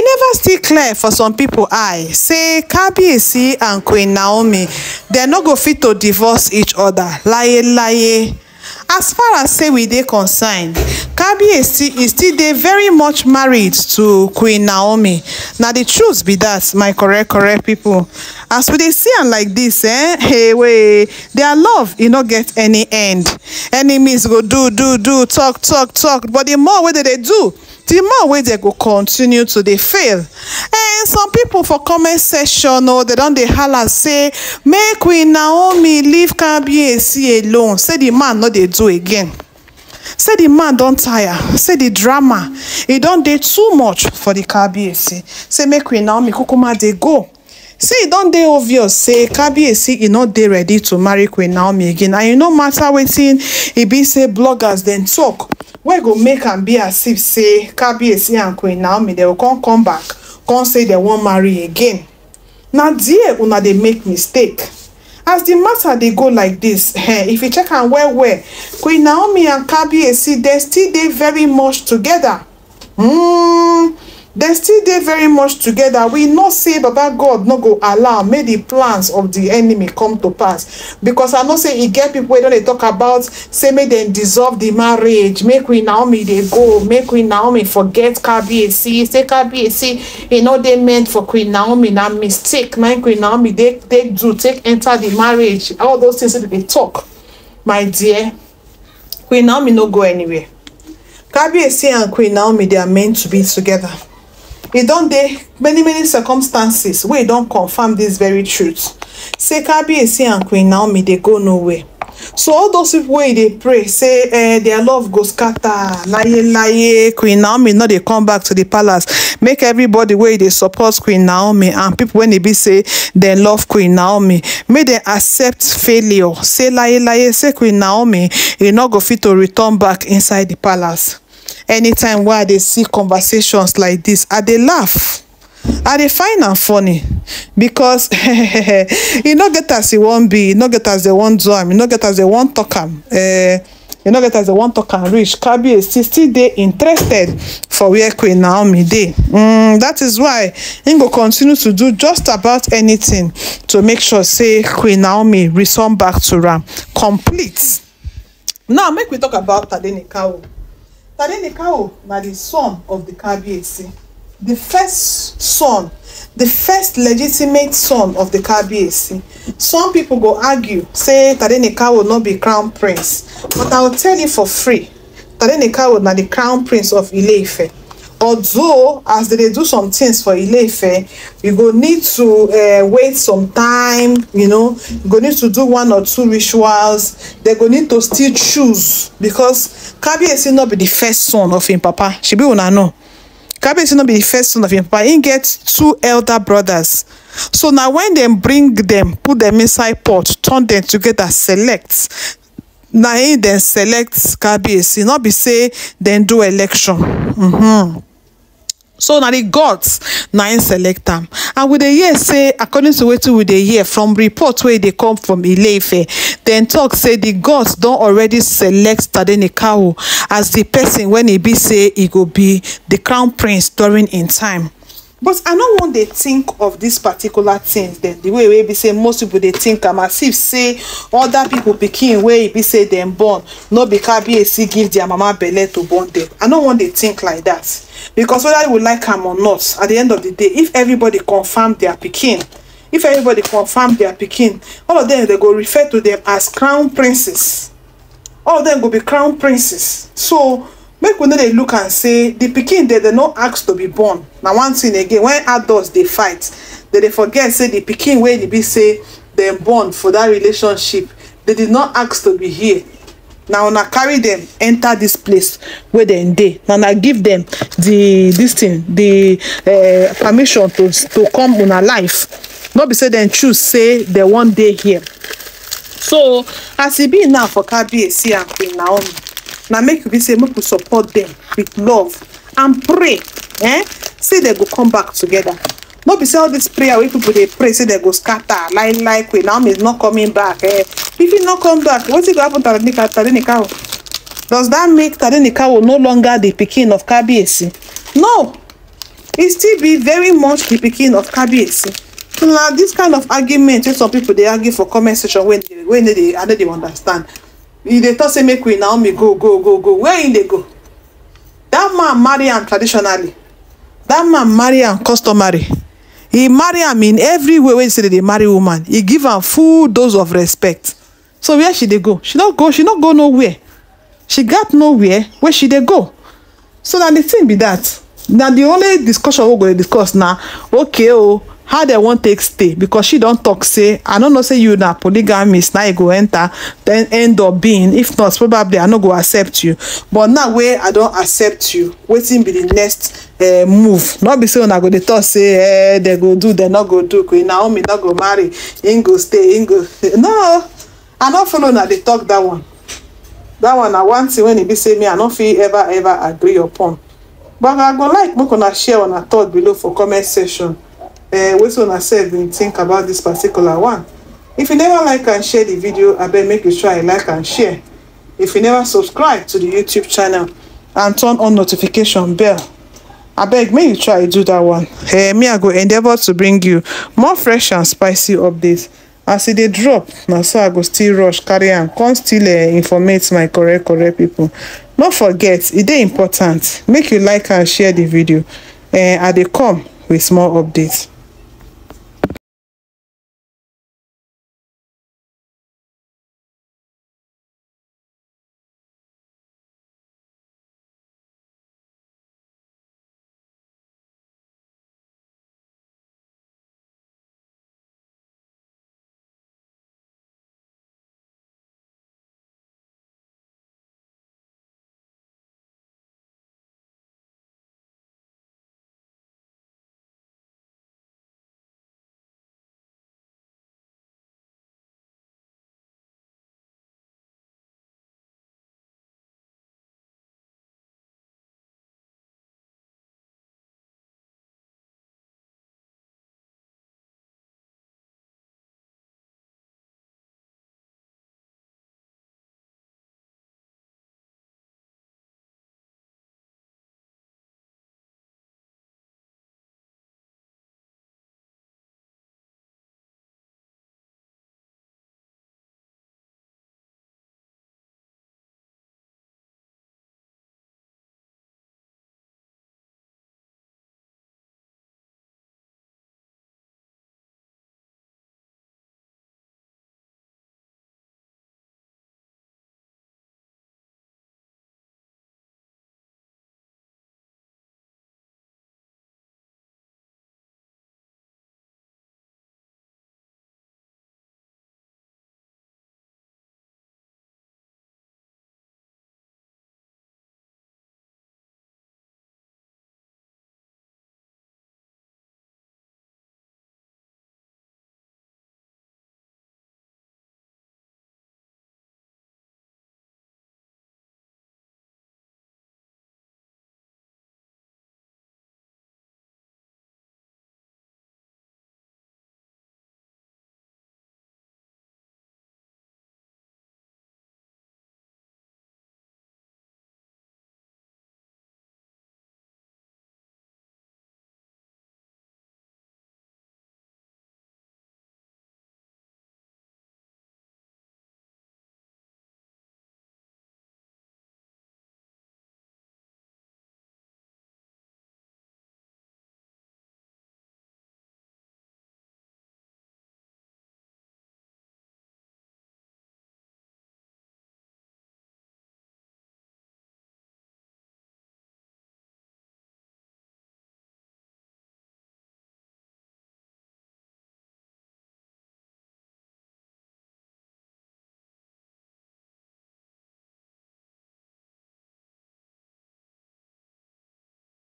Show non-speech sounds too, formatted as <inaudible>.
e neva still clear for some pipo eye say kabiyesi and queen naomi dem no go fit to divorce each oda layelaye as far as say we dey concerned kabiyesi e still dey very much married to queen naomi na the truth be that my correct correct people as we dey see am like this eh hey wey their love e no get any end enemies go do do do talk talk talk but the more wey dem dey do The more way they go continue to they fail and some people for comment session or oh, they don't dey holler say make queen naomi leave kabiyesi alone say the man not they do again say the man don't tire say the drama He don't do too much for di kabiyesi say make queen naomi kukuma they go say e don dey obvious say kabiyesi e not they ready to marry queen naomi again and you no matter wetin e be say bloggers then talk wey go make am be as if say kabiyesi and queen naomi dem go come come back come say dem wan marry again na there una dey make mistake as di matter dey go like dis eh, if you check am well well queen naomi and kabiyesi dem still dey very much together mm, They still dey very much together we know say baba god no go allow make the plans of the enemy come to pass because i know say e get people wey don dey tok about say make dem dissolve the marriage make we naomi dey go make queen naomi forget kbac say kbac e no dey meant for queen naomi na mistake na queen naomi take do take enter the marriage all those things wey dey talk my dear queen naomi no go anywhere kbac and queen naomi they are meant to be together e don dey many many circumstances wey e don confam dis very truth say kabiyesi and queen naomi dey go nowhere so all those people wey dey pray say eh, their love go scatter layelaye queen naomi no dey come back to the palace make everybody wey dey support queen naomi and people wey e be say dem love queen naomi make dem accept failure say layelaye say queen naomi e no go fit to return back inside the palace anytime wey i dey see conversations like dis i dey laugh i dey find am funny because <laughs> e no get as e wan be e no get as dem wan do am e no get as dem wan talk am uh, e no get as they wan talk am reach kabiyesi still dey interested for where queen naomi dey um, that is why im go continue to do just about anything to make sure say queen naomi return back to am complete now make we talk about tadenikawo. Tadenikawo na the son of the Kabiyesi the first son the first legitimate son of the Kabiyesi some people go argue say will not be crown prince but I will tell you for free Tadenikawo na the crown prince of ile although as they dey do some things for ile you go need to uh, wait some time you know you go need to do one or two rituals they go need to still choose because Kabiyesi no be the first son of im papa shebi una know Kabiyesi no be the first son of im papa im get two elder brothers so na when dem bring dem put dem inside pot turn dem together select na im dem select Kabiyesi no be say dem do election. Mm -hmm so na the gods na im select am and we dey hear say according to wetin we dey hear from report wey dey come from ileife dem talk say the gods don already select tadenikawo as the person wen e be say e go be the crown prince during im time but i no wan dey think of this particular thing dem the way wey e be say most people dey think am as if say other people pikin wey e be say dem born no be BAC give their mama belle to born dem i no wan dey think like that because whether we like am or not at the end of the day if everybody confirm their pikin if everybody confirm their pikin all of them they go refer to them as crown princes all of them go be crown princes so make we no dey look am say the pikin dey dey no ask to be born na one thing again when adults dey fight dey dey forget say the pikin wey e be say dem born for that relationship dey dey no ask to be here na una carry dem enter this place wey dem dey na una give dem the this thing di eh, permission to to come una life no be say dem choose say dem wan dey here so as e be now for Kabi kabiyesi and queen naomi na make you be say make we support them with love and pray eh say they go come back together no be say all this prayer wey people dey pray say they go scatter like like way naomi is not coming back eh if he no come back wetin go happen to tadenika tadenikawo does that make tadenikawo no longer the pikin of kabiyesi no he still be very much the pikin of kabiyesi so na this kind of argument wey some people dey argue for comment section wey dey wey no dey i no dey understand e dey talk say make we naomi go go go go where e dey go That man marry am traditionally that man marry am customary He marry am in every way wey say dey marry woman he give am full dose of respect so where she dey go she no go she no go nowhere she gat nowhere Where she dey go so na the thing be that na the only discussion we go dey discuss na okay o oh, how dem wan take stay because she don talk say i no know say you na polygamist na you go enter then end up being if not probably i no go accept you but now wey i don accept you wetin be the next uh, move no be say una go dey talk say eh dem go do dem no go do queen naomi no go marry im go stay im go no i no follow una dey talk that one that one na one thing wey e be say me i no fit ever ever agree upon but i go like make una share una thought below for comment section uh, eh, wetin una sef bin think about this particular one if you never like and share the video abeg make you try like and share if you never subscribe to the youtube channel and turn on notification bell abeg make you try do that one eh me i go endeavor to bring you more fresh and spicy updates as e dey drop na so i go still rush carry am come still uh, informate my correct correct people. no forget e dey important make you like and share the video uh, i dey come with more updates